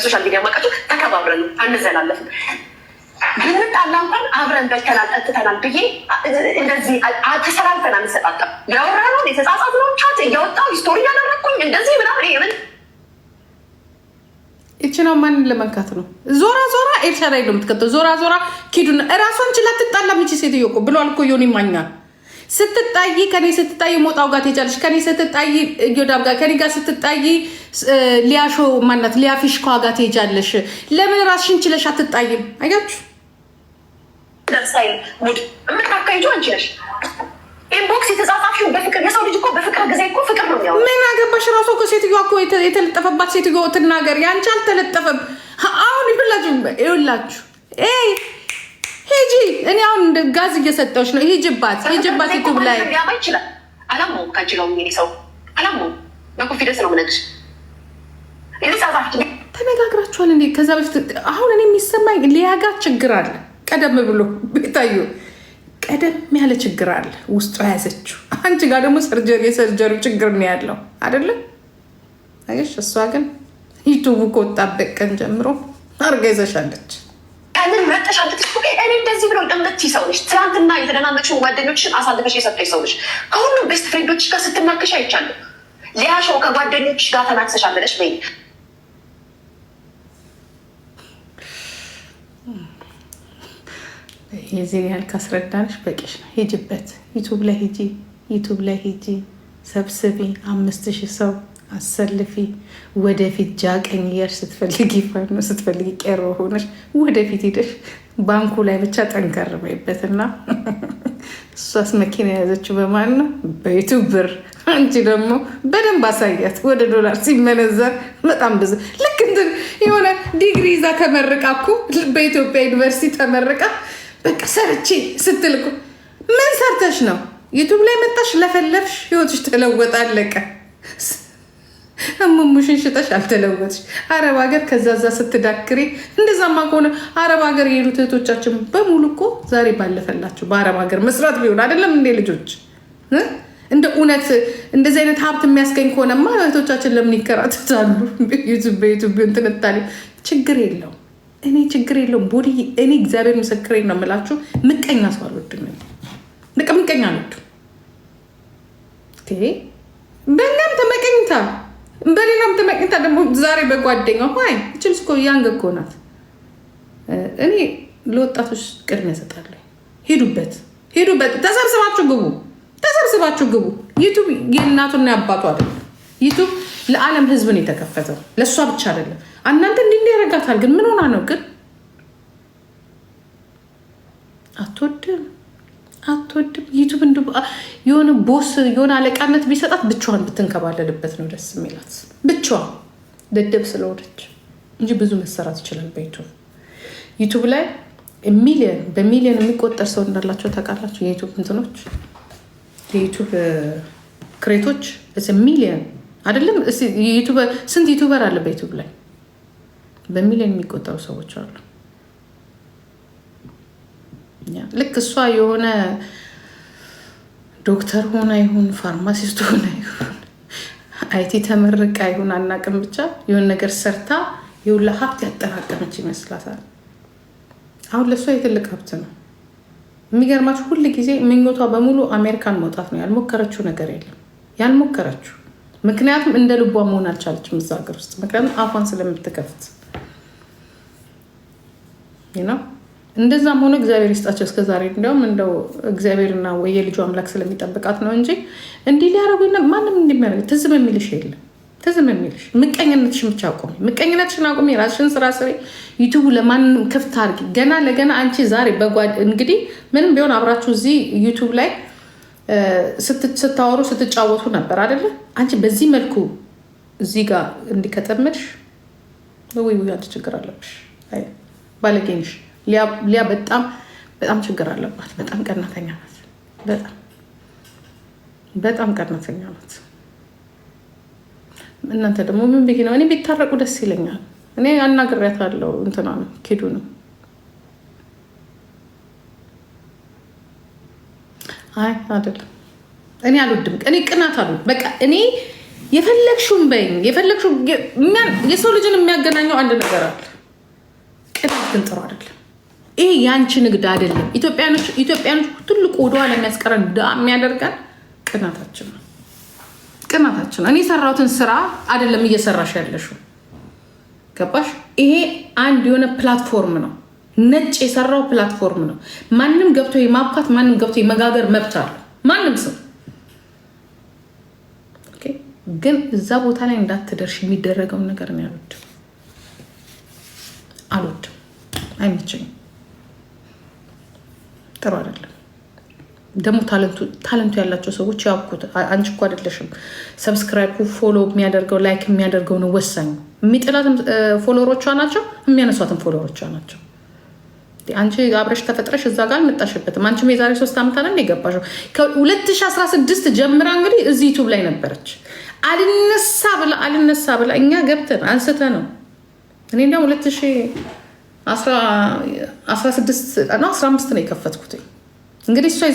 በሶሻል ሚዲያ ማቃቸው ተከባብረን አንዘላለፍም። ብንጣላ እንኳን አብረን በልተናል፣ ጠጥተናል ብዬ እንደዚህ ተሰላልፈን አንሰጣጣም። ያወራነውን የተጻጻፍነውን ቻት እያወጣሁ ስቶሪ ያደረግኩኝ እንደዚህ ምናምን ምን ይችነው ማንን ለመንካት ነው? ዞራ ዞራ ኤርትራ ላይ ነው የምትከተው። ዞራ ዞራ ኪዱን እራሷን ችላ ትጣላ ምች ሴትዮ እኮ ብሏል እኮ ዮኒ ማኛ ስትጣይ ከኔ ስትጣይ ሞጣው ጋር ትሄጃለሽ። ከኔ ስትጣይ ጊዮዳብ ጋር፣ ከኔ ጋር ስትጣይ ሊያሾ ማናት ሊያፊሽኳ ጋር ትሄጃለሽ። ለምን ራስሽን ችለሽ አትጣይም? አያችሁ ምን አገባሽ? ራሱ እኮ ሴትዮዋ እኮ የተለጠፈባት ሴትዮ ትናገር። ያንቺ አልተለጠፈም። አሁን ይሁላችሁ ይሁላችሁ ሂጂ። እኔ አሁን ጋዝ እየሰጠሁሽ ነው። ሂጂባት፣ ሂጂባት። ዩቱብ ላይ ሊያማ ይችላል። አላማውም ከአንቺ ጋር የሚሄድ ሰው አላማውም። በኮንፊደንስ ነው የምነግርሽ። ተነጋግራችኋል እንዴ? ከዛ በፊት አሁን እኔ የሚሰማኝ ሊያጋ ችግር አለ። ቀደም ብሎ ቤታዩ ቀደም ያለ ችግር አለ ውስጡ ያዘችው። አንቺ ጋር ደግሞ ሰርጀሪ የሰርጀሪ ችግር ነው ያለው አይደለም? አየሽ፣ እሷ ግን ዩቱቡ ከወጣበት ቀን ጀምሮ አርጋ ይዘሻለች። እንደዚህ ብሎ እምነት ሰው ነች። ትናንትና የተደናነቅሽን ጓደኞችሽን አሳልፈሽ የሰጠሽ ሰው ነች። ከሁሉም ቤስት ፍሬንዶች ጋር ስትናከሽ አይቻለሁ። ሊያሾ ከጓደኞች ጋር ተናክሰሻል ብለሽ በይ የዚህን ያህል ካስረዳንሽ በቂሽ ነው። ሂጅበት ዩቱብ ላይ ሂጂ፣ ዩቱብ ላይ ሂጂ፣ ሰብስቢ፣ አምስት ሺህ ሰው አሰልፊ። ወደፊት ጃቀኝ እያልሽ ስትፈልጊ ፋኖ ስትፈልጊ ቀሮ ሆነሽ ወደፊት ሂደሽ ባንኩ ላይ ብቻ ጠንከር በይበትና እሷስ መኪና የያዘችው በማን ነው? በይቱ ብር። አንቺ ደግሞ በደንብ አሳያት። ወደ ዶላር ሲመነዘር በጣም ብዙ ልክ እንትን የሆነ ዲግሪ ይዛ ከመርቃኩ እኮ በኢትዮጵያ ዩኒቨርሲቲ ተመርቃ በቃ ሰርቼ ስትልኩ ምን ሰርተሽ ነው? ዩቱብ ላይ መጣሽ፣ ለፈለፍሽ፣ ህይወትሽ ተለወጠ፣ አለቀ። እሙሙሽን ሽጠሽ አልተለወጥሽ። አረብ ሀገር ከዛዛ ስትዳክሬ እንደዛማ ከሆነ አረብ ሀገር የሄዱት እህቶቻችን በሙሉ እኮ ዛሬ ባለፈላቸው በአረብ ሀገር መስራት ቢሆን አይደለም እንዴ ልጆች? እንደ እውነት እንደዚህ አይነት ሀብት የሚያስገኝ ከሆነማ እህቶቻችን ለምን ይከራተታሉ? ዩቱብ ትንታኔ ችግር የለውም። እኔ ችግር የለውም። ቦዲ እኔ እግዚአብሔር ምስክሬ ነው የምላችሁ። ምቀኛ ሰው አልወድም። በቃ ምቀኛ አልወድም። በእናንተ መቀኝታ በሌላም ተመቅኝታ ደግሞ ዛሬ በጓደኛ ይ እችል ስኮ ያንግ እኮ ናት። እኔ ለወጣቶች ቅድሚያ እሰጣለሁ። ሄዱበት ሄዱበት፣ ተሰብስባችሁ ግቡ፣ ተሰብስባችሁ ግቡ። ዩቱብ የእናቱና ያባቱ አይደለም። ዩቱብ ለዓለም ህዝብ ነው የተከፈተው፣ ለእሷ ብቻ አይደለም። እናንተ እንዲህ ያደርጋታል። ግን ምን ሆና ነው ግን አትወድም አትወድም። ዩቱብ እንዱ የሆነ ቦስ የሆነ አለቃነት ቢሰጣት ብቻዋን ብትንከባለልበት ነው ደስ የሚላት። ብቻዋን ደደብ ስለሆነች እንጂ ብዙ መሰራት ይችላል በዩቱብ ዩቱብ ላይ ሚሊዮን በሚሊዮን የሚቆጠር ሰው እንዳላቸው ታውቃላችሁ። የዩቱብ እንትኖች የዩቱብ ክሬቶች ሚሊዮን አይደለም። ስንት ዩቱበር አለ በዩቱብ ላይ? በሚሊዮን የሚቆጠሩ ሰዎች አሉ። ልክ እሷ የሆነ ዶክተር ሆና ይሁን ፋርማሲስት ሆና ይሁን አይቲ ተመርቃ ይሁን አናቅም፣ ብቻ የሆነ ነገር ሰርታ የሁላ ሀብት ያጠራቀመች ይመስላታል። አሁን ለእሷ የትልቅ ሀብት ነው። የሚገርማችሁ ሁል ጊዜ ምኞቷ በሙሉ አሜሪካን መውጣት ነው። ያልሞከረችው ነገር የለም ያልሞከረችው። ምክንያቱም እንደ ልቧ መሆን አልቻለችም እዛ ሀገር ውስጥ ምክንያቱም አፏን ስለምትከፍት ነው። እንደዛም ሆነ እግዚአብሔር ይስጣቸው እስከ ዛሬ እንዲያውም እንደው እግዚአብሔርና ወይ የልጁ አምላክ ስለሚጠብቃት ነው እንጂ እንዲህ ሊያረጉ ማንም እንዲሚያደርግ ትዝም የሚልሽ የለም ትዝም የሚልሽ ምቀኝነትሽ ብቻ አቁሚ። ምቀኝነትሽን አቁሚ። ራስሽን ስራ ስሬ ዩቱቡ ለማንም ክፍት አድርጊ። ገና ለገና አንቺ ዛሬ በጓድ እንግዲህ ምንም ቢሆን አብራችሁ እዚህ ዩቱብ ላይ ስታወሩ ስትጫወቱ ነበር አይደለ? አንቺ በዚህ መልኩ እዚህ ጋር እንዲከጠምድሽ ውይ ውይ አንቺ ችግር አለብሽ ባለጌንሽ ሊያ በጣም በጣም ችግር አለባት። በጣም ቀናተኛ ናት። በጣም በጣም ቀናተኛ ናት። እናንተ ደግሞ ምን ብዬ ነው እኔ ቢታረቁ ደስ ይለኛል። እኔ አናግሬያታለሁ እንትና ነው ኪዱ ነው አይ አይደለም እኔ አልወድም። እኔ ቅናት አሉ በቃ እኔ የፈለግሽውን በይኝ የፈለግሽውን የሰው ልጅን የሚያገናኘው አንድ ነገር አለ። ቅናት ግን ጥሩ አይደለም። ይሄ ያንቺ ንግድ አይደለም። ኢትዮጵያኖች ትልቁ ወደኋላ የሚያስቀረን የሚያደርገን ቅናታችን ነው። ቅናታችን እኔ የሰራሁትን ስራ አይደለም እየሰራሽ ያለሽ ገባሽ? ይሄ አንድ የሆነ ፕላትፎርም ነው። ነጭ የሰራው ፕላትፎርም ነው። ማንም ገብቶ የማብካት ማንም ገብቶ የመጋገር መብት አለ ማንም ሰው ግን እዛ ቦታ ላይ እንዳትደርሽ የሚደረገውን ነገር ነው። ያሉት። አልወድም፣ አይመቸኝም። ጥሩ አይደለም። ደግሞ ታለንቱ ያላቸው ሰዎች ያኩት አንቺ እኮ አይደለሽም ሰብስክራይብ ፎሎ የሚያደርገው ላይክ የሚያደርገው ነው ወሳኙ። የሚጥላትም ፎሎወሮቿ ናቸው፣ የሚያነሷትም ፎሎወሮቿ ናቸው። አንቺ አብረሽ ተፈጥረሽ እዛ ጋር አልመጣሽበትም። አንቺ የዛሬ ሶስት ዓመት አለ የገባሽው ከ2016 ጀምራ እንግዲህ እዚህ ዩቱብ ላይ ነበረች። አልነሳ ብላ አልነሳ ብላ እኛ ገብተን አንስተ ነው እኔ እንዲያውም አስራ ስድስት ነው አስራ አምስት ነው የከፈትኩት። እንግዲህ እሷ